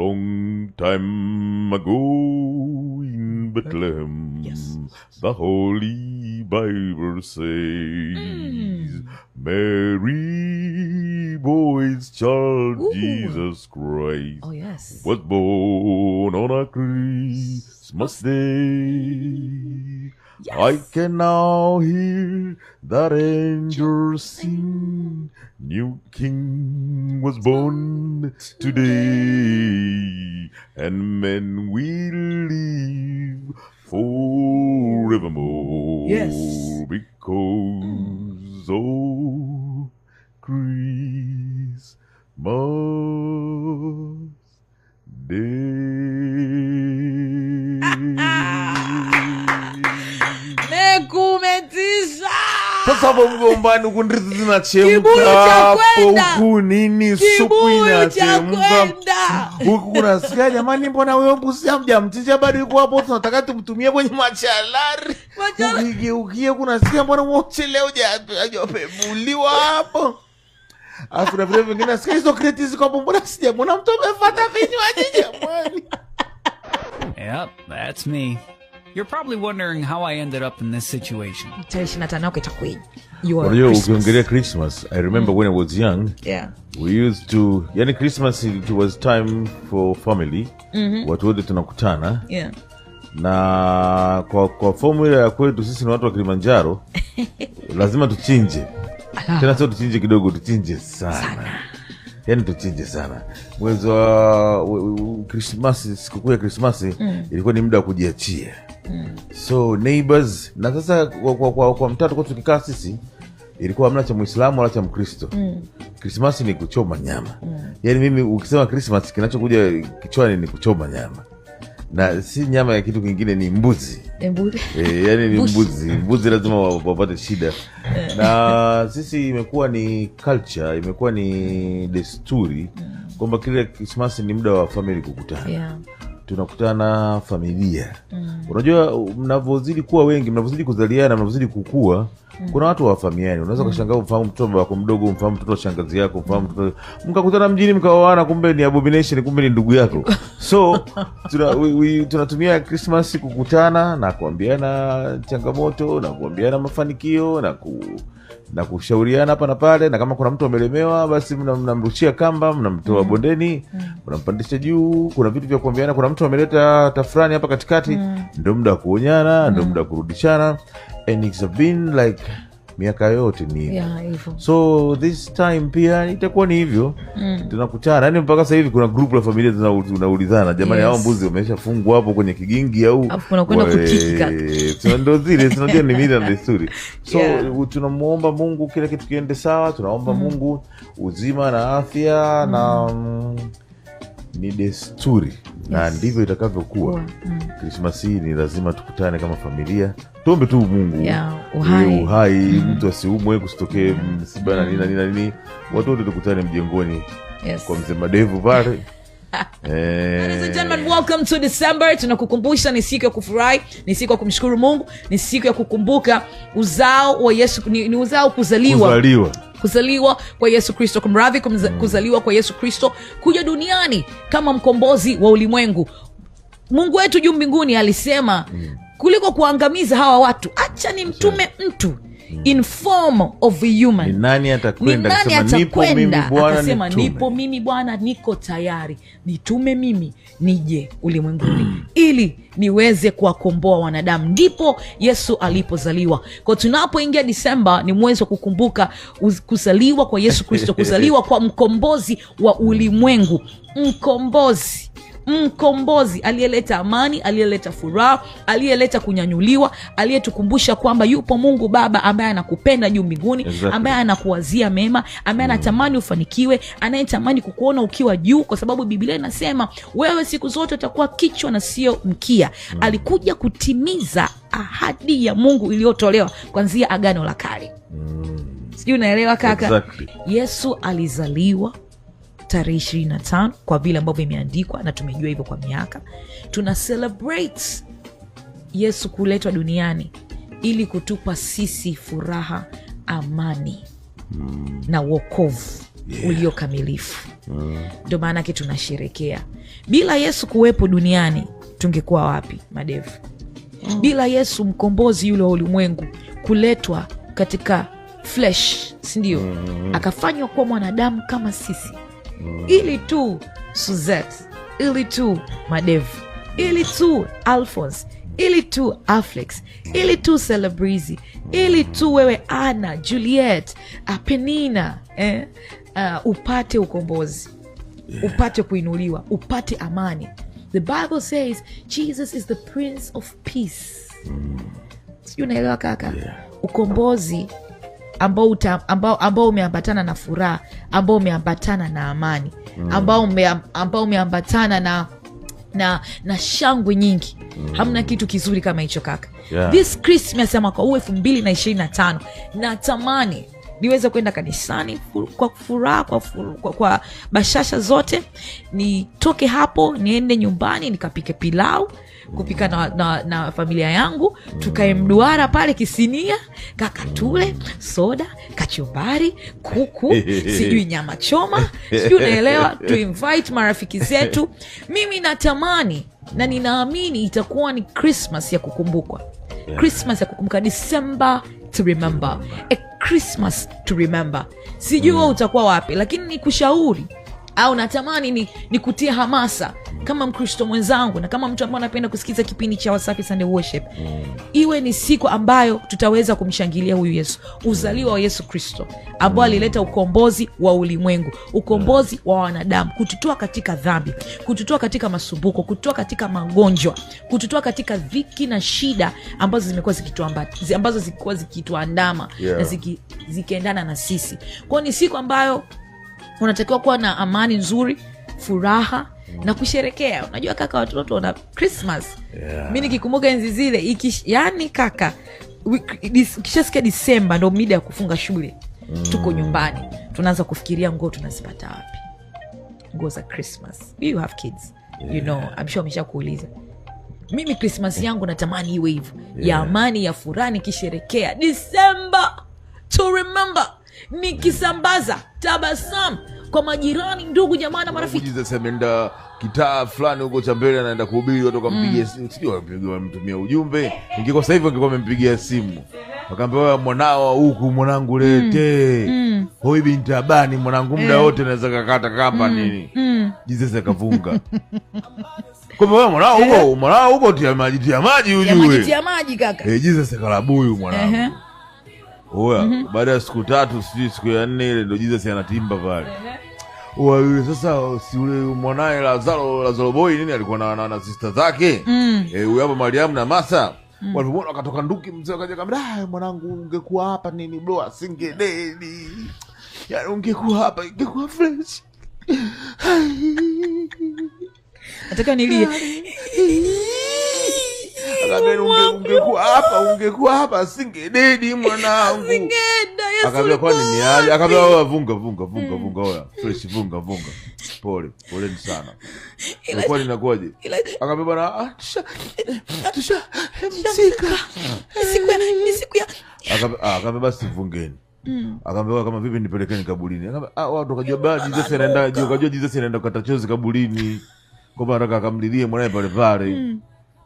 long time ago in Bethlehem, yes. the Holy Bible says, mm. Mary, boy's child, Ooh. Jesus Christ, oh, yes. was born on a Christmas day. I can now hear that angel sing. New king was born today, and men will live forevermore. Yes. Because, oh, Christ. nyumbani huku ndizi zinachemka huku nini supu inachemka huku kunasikia jamani mbona huyo mbuzi hamjamchinja bado yuko hapo tunataka tumtumie kwenye machalari ukigeukie kunasikia mbona uochele ujapebuliwa hapo alafu na vile vingine nasikia hizo kreti ziko hapo mbona sijamwona mtu amefata vinywaji jamani yep that's me You're probably wondering how I ended up in this situation. Unajua ukiongelea Christmas, I remember when I was young, yeah. we used to, yani Christmas it was time for family, mm -hmm. watu wote tunakutana. Yeah. Na kwa, kwa formula ya kwetu sisi ni watu wa Kilimanjaro, lazima tuchinje. Ah. Tena sio tuchinje kidogo, tuchinje sana. sana yani tuchinje sana mwezi wa Krismasi, sikukuu ya Krismasi mm. ilikuwa ni muda wa kujiachia so neighbors na sasa kwa, kwa, kwa, kwa mtatu tulikuwa tukikaa sisi ilikuwa amna cha mwislamu wala cha mkristo mm. krismas ni kuchoma nyama mm. yani mimi ukisema krismas kinachokuja kichwani ni kuchoma nyama na si nyama ya kitu kingine ni mbuzi e, eh, yani ni mbuzi mbuzi lazima wapate shida eh. na sisi imekuwa ni culture imekuwa ni desturi mm. kwamba kile krismasi ni muda wa famili kukutana yeah tunakutana familia mm. unajua mnavyozidi kuwa wengi mnavozidi kuzaliana mnavozidi kukua mm. kuna watu wafamiani unaweza ukashanga mm. mfahamu mtoto wako mdogo mfahamu mtoto shangazi yako mfahamu mtoto mkakutana mjini mkaoana kumbe ni abomination kumbe ni ndugu yako so tuna, we, we, tunatumia krismas kukutana na kuambiana changamoto na kuambiana mafanikio na ku na kushauriana hapa na pale, na kama kuna mtu amelemewa, basi mnamrushia kamba, mnamtoa mm. bondeni mm. mnampandisha juu. Kuna vitu vya kuambiana, kuna mtu ameleta tafurani hapa katikati mm. ndio muda wa kuonyana, ndio mm. muda wa kurudishana and it's been like miaka yote ni hivyo yeah, so this time pia itakuwa ni hivyo mm. tunakutana yani mpaka sasa hivi kuna grupu la familia tunaulizana jamani hao yes. mbuzi wameshafungwa hapo kwenye kigingi au ndo zile tunajua ni mila na desturi so yeah. tunamwomba mungu kila kitu kiende sawa tunaomba mm. mungu uzima na afya mm. na mm, ni desturi yes. na ndivyo itakavyokuwa mm. krismasi hii ni lazima tukutane kama familia tuombe tu Mungu yeah, uhai, uhai mm. mtu asiumwe, kusitokee msiba na nini na nini Watu wote tukutane mjengoni yes. kwa mzee Madevu pale eh. Ladies Tunakukumbusha ni siku ya kufurahi, ni siku ya kumshukuru Mungu, ni siku ya kukumbuka uzao wa Yesu, ni, ni uzao kuzaliwa, kuzaliwa kuzaliwa kwa Yesu Kristo, kumradhi, mm. kuzaliwa kwa Yesu Kristo kuja duniani kama mkombozi wa ulimwengu. Mungu wetu juu mbinguni alisema mm kuliko kuangamiza hawa watu acha ni mtume mtu hmm. in form of human. Ni nani atakwenda akasema nipo mimi Bwana, niko tayari nitume mimi nije ulimwenguni hmm. ili niweze kuwakomboa wanadamu. Ndipo Yesu alipozaliwa. Kwa tunapoingia Disemba ni mwezi wa kukumbuka kuzaliwa kwa Yesu Kristo, kuzaliwa kwa mkombozi wa ulimwengu, mkombozi mkombozi aliyeleta amani, aliyeleta furaha, aliyeleta kunyanyuliwa, aliyetukumbusha kwamba yupo Mungu Baba ambaye anakupenda juu mbinguni exactly. ambaye anakuwazia mema, ambaye mm. anatamani ufanikiwe, anayetamani kukuona ukiwa juu, kwa sababu Biblia inasema wewe siku zote utakuwa kichwa na sio mkia mm. Alikuja kutimiza ahadi ya Mungu iliyotolewa kwanzia Agano la Kale mm. Sijui unaelewa kaka exactly. Yesu alizaliwa tarehe 25 kwa vile ambavyo imeandikwa na tumejua hivyo kwa miaka tuna celebrate yesu kuletwa duniani ili kutupa sisi furaha amani mm. na uokovu yeah. ulio kamilifu ndo mm. maanake tunasherekea bila yesu kuwepo duniani tungekuwa wapi madevu mm. bila yesu mkombozi yule wa ulimwengu kuletwa katika flesh sindio mm. Mm-hmm. akafanywa kuwa mwanadamu kama sisi ili tu suzet ili tu madevu, ili tu alfons ili tu Aflex, ili tu Celebrizi, ili tu wewe Ana Juliet, Penina eh? Uh, upate ukombozi yeah. upate kuinuliwa, upate amani. The Bible says Jesus is the Prince of Peace. Mm. Sijui unaelewa kaka yeah. ukombozi ambao uta, ambao, ambao umeambatana na furaha ambao umeambatana na amani mm. ambao, ume, ambao umeambatana na na na shangwe nyingi mm. hamna kitu kizuri kama hicho kaka yeah. this christmas ya mwaka huu elfu na na natamani niweze kwenda kanisani kwa furaha kwa, fura, kwa, kwa bashasha zote nitoke hapo niende nyumbani nikapike pilau kupika na, na, na familia yangu, tukae mduara pale kisinia, kaka tule soda, kachumbari, kuku sijui nyama choma, sijui unaelewa, tuinit marafiki zetu. Mimi natamani na ninaamini itakuwa ni Christmas ya kukumbukwa, Christmas ya kukumbuka, December to remember, a to remember. Sijui mm. utakuwa wapi, lakini nikushauri au natamani ni, ni kutia hamasa kama mkristo mwenzangu na kama mtu ambaye anapenda kusikiza kipindi cha wasafi sunday worship mm. iwe ni siku ambayo tutaweza kumshangilia huyu yesu uzaliwa wa yesu kristo ambao alileta ukombozi wa ulimwengu ukombozi wa wanadamu kututoa katika dhambi kututoa katika masumbuko kututoa katika magonjwa kututoa katika viki na shida ambazo zimekuwa zikituambata ambazo zilikuwa zikituandama yeah. na ziki, zikiendana na sisi kwao ni siku ambayo unatakiwa kuwa na amani nzuri furaha Mm. na kusherekea unajua kaka watoto wana krismas yeah. mi nikikumbuka enzi zile yani kaka kishasikia disemba ndo mida ya kufunga shule mm. tuko nyumbani tunaanza kufikiria nguo tunazipata wapi nguo za krismas you have kids yeah. you know amesha kuuliza mimi krismas yangu natamani iwe hivo yeah. ya amani ya furaha nikisherekea disemba to remember nikisambaza tabasamu kwa majirani ndugu jamaa na marafiki jesus ameenda kitaa fulani huko cha mbele anaenda kuhubiri watu wakampigia mm. sijui wamemtumia ujumbe ingekuwa sasa hivi angekuwa amempigia simu wakaambia mwanao huku mwanangu mm. lete mm. hoi binti abani mwanangu muda eh. wote naweza kakata kamba mm. nini mm. jesus akavunga kwamba mwanao huko eh. mwanao huko tia maji tia maji ujue tia maji kaka eh, jesus akalabuyu mwanangu uh-huh oya mm -hmm. baada ya siku tatu sijui siku ya nne ile ndo Jesus anatimba pale Uwa, sasa si yule mwanae Lazaro Lazaro boy nini alikuwa na, na, na sista zake mm. E, huyu hapa Mariamu na Martha mm. Walipomwona wakatoka nduki, mzee akaja "Ah, mwanangu, ungekuwa hapa nini bro, asingedeni yaani, ungekuwa hapa ingekuwa fresh nataka nilie yaani akambia ungekuwa hapa ungekuwa hapa singededi mwanangu akambia kwani ni aje oya vunga vunga vunga vunga oya fresh vunga vunga pole poleni sana bwana ah, tusha msika ah, ah, basi vungeni mm. kama vipi nipelekeni watu chozi kwamba nataka akamlilie pale pale mm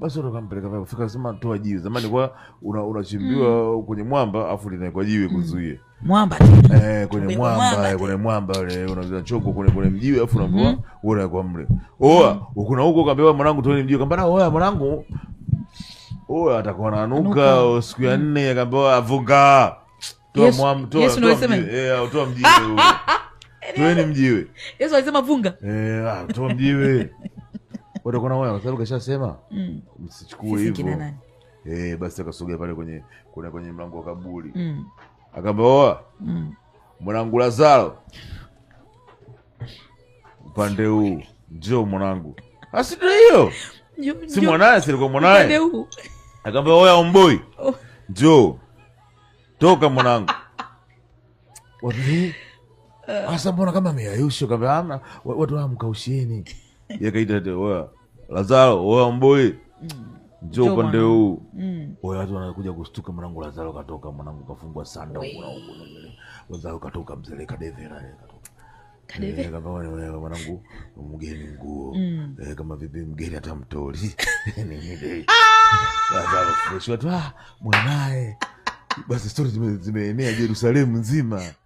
basi watu wakampeleka vile kufika, sema toa jiwe. Zamani kwa unachimbiwa una mm. kwenye mwamba afu linawekwa jiwe mm. kuzuia eh, mwamba eh, kwenye mwamba kwenye mwamba ile unaweza choko kwenye kwenye mjiwe afu unaambiwa mm-hmm. wewe kwa mle oa kuna huko, kaambiwa mwanangu, toeni mjiwe, kaambia oa mwanangu, oa atakuwa ananuka oh, siku ya mm. nne, akaambiwa avuka, toa yes, mwamba toa yes, toa mjiwe eh, toa mjiwe, toeni mjiwe. Yesu alisema vunga, eh, toa mjiwe Watakuwa na kwa sababu kashasema mm. msichukue hivyo. Eh, basi akasogea pale kwenye kuna kwenye mlango wa kaburi. Mm. Akaambia oa. Mm. Mwanangu Lazaro. Upande huu njoo mwanangu. Asi ah, ndio hiyo. Si mwanaye si mwanaye. oya omboi. Oh. Njoo. Toka mwanangu. Wapi? Uh. Asa mbona kama ameyayushwa kama watu hamkausheni yakaita tena oya, Lazaro oya mboi, njoo upande huu mm. oya. Watu wanakuja kustuka, mwanangu Lazaro katoka, mwanangu kafungwa sanda huko na huko, Lazaro katoka, mzee kadevera eh, mwanangu mgeni nguo mm. eh, kama vipi, mgeni hata mtoli ah! ah, mwanae. Basi stori zimeenea Jerusalemu nzima.